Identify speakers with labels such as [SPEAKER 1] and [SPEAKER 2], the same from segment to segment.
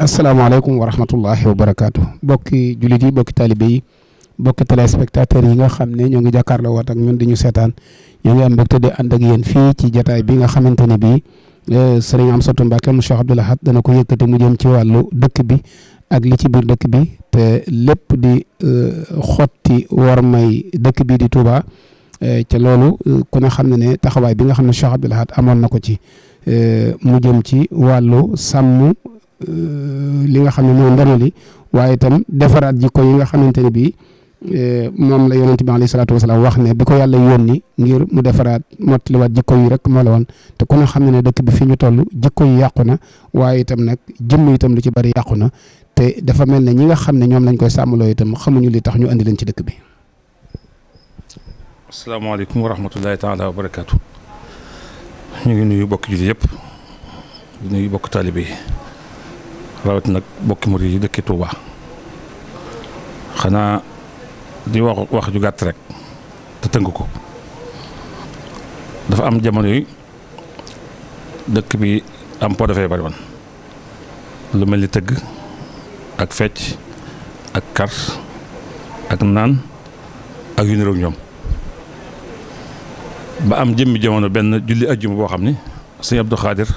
[SPEAKER 1] leen asalaamaaleykum wa rahmatullahi wa barakaatu bokki jullit yi bokki taalibe yi bokki téléspectateurs yi nga xam ne ñoo ngi jàkkaarloo waat ak ñun di ñu seetaan ñoo ngi am mbégte di ànd ak yéen fii ci jataay bi nga xamante ne bii eh, sëriñ Amsatou Mbacke mu Cheikh Abdoul Ahad dana ko yëkkati mu jëm ci wàllu dëkk bi ak ci biir dëkk bi te lépp di eh, xotti war may dëkk bi di Touba eh, loolu ku xam ne ne taxawaay bi nga xam ne Cheikh Abdoul Ahad amoon na ko ci mu jëm ci wàllu sàmm li nga xam ne mooy ndono li waaye itam defaraat jikko yi nga xamante ne bii eh, moom la yonent bi alayhi salaatu wasalaam wax ne bi ko yàlla yónni ngir mu defaraat mottaliwaat jikko yi rek moo la woon te ku ne xam ne ne dëkk bi fi ñu toll jikko yi na waaye itam nag jëmm itam lu ci bari yàqu na te dafa mel ne ñi nga xam ne ñoom lañ koy sàmmaloo itam xamuñu li tax ñu andi ci dëkk bi.
[SPEAKER 2] asalaamaaleykum wa rahmatullahi taala wa barakaatu. ñu ngi nuyu bokk julli yëpp di bokk taalibe rawat nag bokki murid yi dëkki Touba xanaa di wax wax ju gàtt rek te tënk ko dafa am jamono yi dëkk bi am po dafay bari woon lu mel ni tëgg ak fecc ak kar ak naan ak yu ñoom ba am jëmmi jamono benn julli ajjuma boo xam ni sëñ Abdou Khadir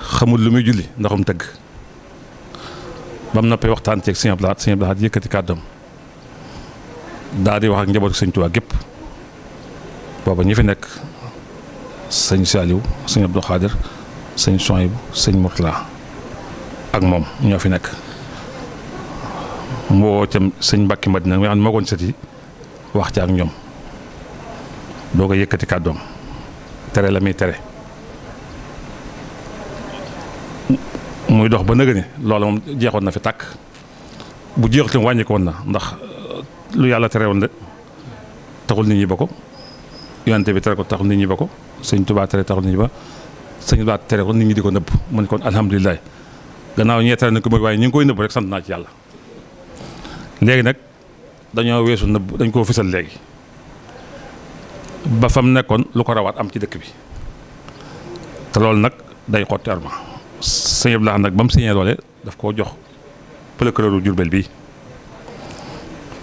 [SPEAKER 2] xamul lu muy julli ndaxum tëgg ba noppee waxtaan ceeg sëñ Abdou Lahad sëñ Abdou Lahad yëkkati kàddam wax ak njabootu sëñ Tuubaa gépp booba ñi fi nekk sëñ Saliou sëñ Abdou Khadir sëñ Soyibu sëñ Mourtala ak moom ñoo fi nekk mu woo itam sëñ Mbàkke Madina nga xam ne moo koon sët yi wax ci ak ñoom doo ko yëkkati kàddoom tere la muy tere muy dox ba nëgëni loolu moom jeexoon na fi tàkk bu jeexul tam wàññi ko woon na ndax euh, lu yàlla tere woon de taxul nit ñi ba ko yonante bi tere ko taxul nit ñi sëñ tubaa tere taxul nit ba sëñ tubaa tere ko nit ñi di ko nëbb mu kon alhamdulilah gannaaw ñee na waaye ñu ngi koy nëbb rek ci yàlla léegi nag dañoo weesu nëbb dañ koo fisal léegi ba fam nekkoon lu ko rawaat am ci dëkk bi te loolu nag day xotti arma sëñ Abdou Lahad nag ba mu loole daf koo jox procureur Jurbel bi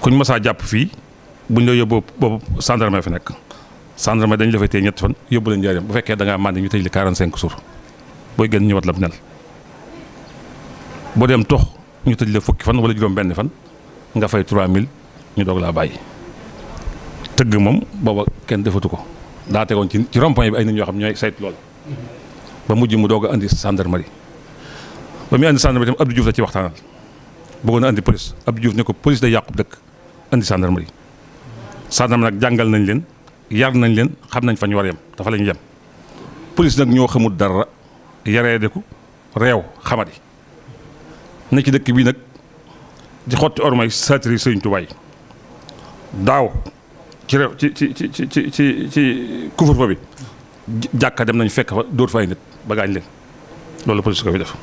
[SPEAKER 2] kuñ masaa jàpp fii buñ la yóbboo boobu gendarmerie fi nekk gendarmerie dañ la fay téye ñetti fan yóbbu leen njëriñam bu fekkee da ngaa màndi ñu tëj li 45 jours booy gën ñëwaat la bu nel boo tox ñu tëj la fukki fan wala juróom benn fan nga fay mille ñu doog laa bàyyi tëgg moom booba kenn defatu ko daa tegoon ci ci bi ay nit ñoo xam ñooy saytu lool ba mujj mu doog indi andi gendarmerie ba muy andi gendarmerie tam Abdou Diouf la ci waxtaanal bëggoon a andi police Abdou Diouf ne ko police day yàqu dëkk andi gendarmerie gendarmerie nag jàngal nañ leen yar nañ leen xam nañ fa ñu war a dafa la ñu yem police nag ñoo xamul dara yaree deku réew xamadi na ci dëkk bii nag di xotti ormay satiri sëñ Tuubaa yi daaw ci réew ci ci ci ci ci ci couvre-feu bi jàkka dem nañu fekk fa dóor fa ay nit ba leen loolu police ko fi def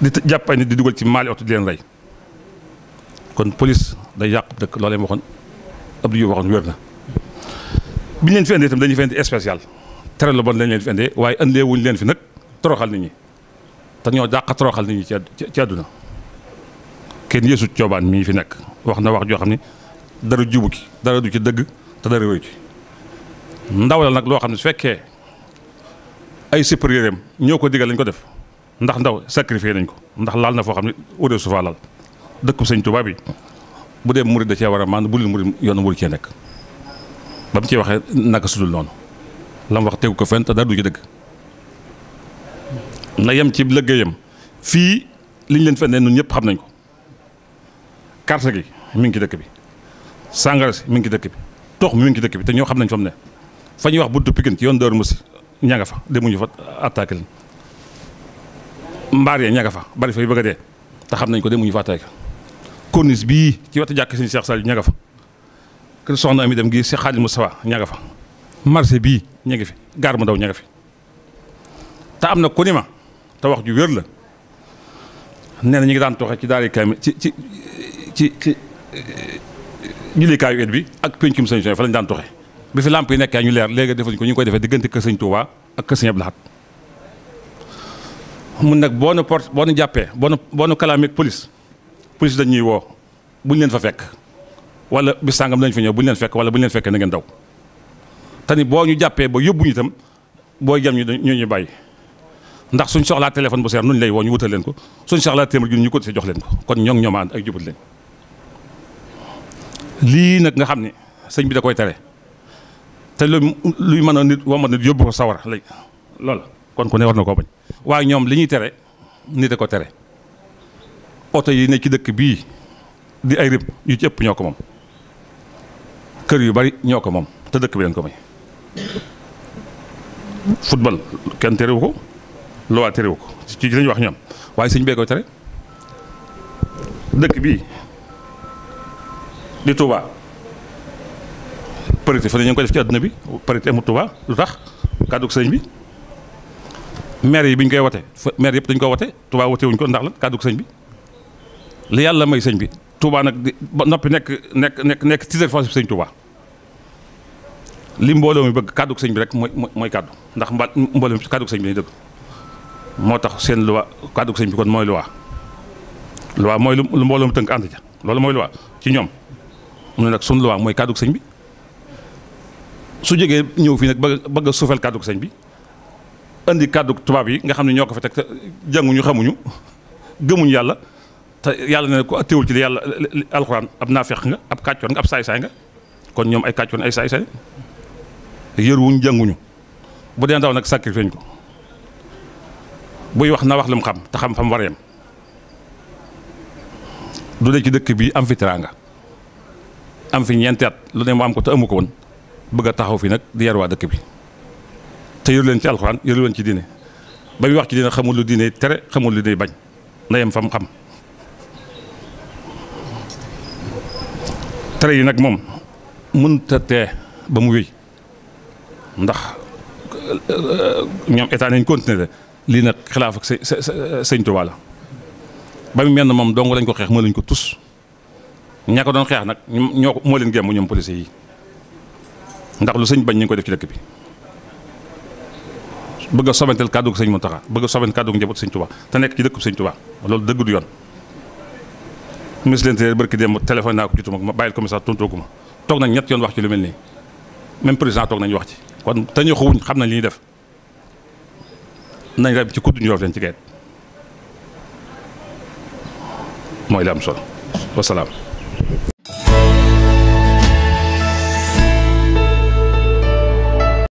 [SPEAKER 2] di jàpp ay nit di dugal ci maali oto di leen rey kon police day yàq dëkk loolee ma waxoon Abdou Diouf waxoon wér na bi ñu leen fi indee dañu fi indi tere lu bon lañ leen waaye indee leen fi nag toroxal nit ñi te ñoo jàq toroxal nit ñi ci àdduna kenn yeesu coobaan mii fi nekk wax na wax joo xam ne dara jubu ki dara du ci dëgg te dara wéy ci ndaw nag loo xam ne su fekkee ay supérieur am ñoo ko digal lañ ko def ndax ndaw sacrifié nañ ko ndax laal na foo xam ne aude sufa laal dëkku sëñ tubaab yi bu dee murid da cee war a maan bu dul murid yoon wuru cee nekk ba mu waxee naka sudul noonu la mu ko fenn te du ci dëgg yem ci liggéeyam fii liñ leen feneen ñun ñëpp xam nañ ko carte gi mi ngi ki dëkk bi sàngara si mu ngi ci dëkk bi toox mi ngi ci dëkk bi te ñoo xam nañ fa ne fa ñuy wax buntu Pikine ci yoon Daaru Musi ña nga fa demuñu fa attaqué leen mbaar ya ña nga fa bari fay bëgg dee te xam nañ ko demuñu fa attaqué corniche bii ci wetu jàkk si Cheikh Saliou ña nga fa kër soxna Ami dem gi si Xaadim mu sawa nga fa marché bii ña ngi fi gaar mu ndaw ña nga fi te am na ku ni ma te wax ju wér la nee na ñu ngi daan toxee ci daari kaamil ci ci ci ci jullikaayu et bi ak péncum sëñ fa lañ daan toxee bi fi làmp yi nekkee ñu leer léegi defuñ ko ñu ngi koy defee diggante kër sëñ ak kër sëñ Abdou Lahad nag boo nu porte boo nu jàppee boo nu boo nu kalaamee ak police police dañuy woo buñ leen fa fekk wala bi sàngam dañ fa ñëw buñ leen fekk wala buñ leen fekkee na ngeen daw te ni boo ñu jàppee ba yóbbuñu itam booy jam ñu ñu ñu bàyyi ndax suñ soxlaa téléphone bu seer nuñ lay woo ñu wutal leen ko suñ soxlaa téeméer ñu ko si jox leen kon ñoo ngi ñoom ànd ak nag nga xam ne sëñ bi da koy tere te lu luy mën a nit wama nit yóbbu ko sawara lay lool kon ku ne war na koo bañ waaye ñoom li ñuy tere nit a ko tere oto yi ne ci dëkk bii di ay rib yu ci ëpp ñoo ko moom kër yu bari ñoo ko moom te dëkk bi leen ko may futbal kenn terewu ko loi terewu ko ci lañu wax ñoom waaye sëñ bee koy tere dëkk bii di Touba parité fa ne ñu ngi koy def ci àdduna bi parité amul Touba lu tax kàddu sëñ bi maire yi bi ñu koy wote maire yëpp dañ ko wote Touba wote wuñ ko ndax la kàddu sëñ bi li yàlla mooy sëñ bi Touba nag ba noppi nekk nekk nekk nekk titre foncier bi sëñ Touba li mbooloo mi bëgg kàddu sëñ bi rek mooy mooy kàddu ndax mba mbooloo mi kàddu sëñ bi lañu dëgg moo tax seen loi kàddu sëñ bi kon mooy loi loi mooy lu mbooloo mi tënk ànd ja loolu mooy luwa ci ñoom mu ne nag sunu loi mooy kàddu sëñ bi su jegee ñëw fii nag bëgg bëgg a suufal kàddu sëñ bi indi kàddu tubaab yi nga xam ne ñoo ko fa teg te jànguñu xamuñu gëmuñu yàlla te yàlla ne ko teewul ci li yàlla alxuraan ab naafeq nga ab kàccoon nga ab saay-saay nga kon ñoom ay kàccoon ay saay-saay yëruwuñ jànguñu bu dee ndaw nag sacrifice ko buy wax na wax lu xam te xam war a yem du dee ci dëkk bi am fi teraanga am fi ñeenti lu ne mu am ko te amu ko woon. bëgg a taxaw fii nag di yar waa dëkk bi te yor leen ci alxuraan yor leen ci diine ba muy wax ci diine xamul lu diine tere xamul lu diine bañ na fam xam tere yi nag moom mënta tee ba mu wéy ndax ñoom état nañ continuer lii nag xilaaf ak sëñ Tuubaa la ba mu mel ne moom dong lañ ko xeex moo lañ ko tus ñaa ko doon xeex nag ñoo moo leen gémm ñoom policiers yi ndax lu sëñ bañ ñu ngi koy def ci dëkk bi bëgg a sobentel kàddu ko sëñ Muntaxa bëgg a sobent kàddu ko njaboot sëñ Tuubaa te nekk ci dëkk sëñ Tuubaa loolu dëgg du yoon ministre de l'Intérieur barki démb téléphone naa ko jotuma ma bàyyil commissaire tontoogu ma toog nañ ñett yoon wax ci lu mel nii même président toog nañu wax ci kon te ñoo xawuñ xam nañ li ñuy def nañ rek ci kudd ñu yoof leen ci gayet mooy la am solo wasalaam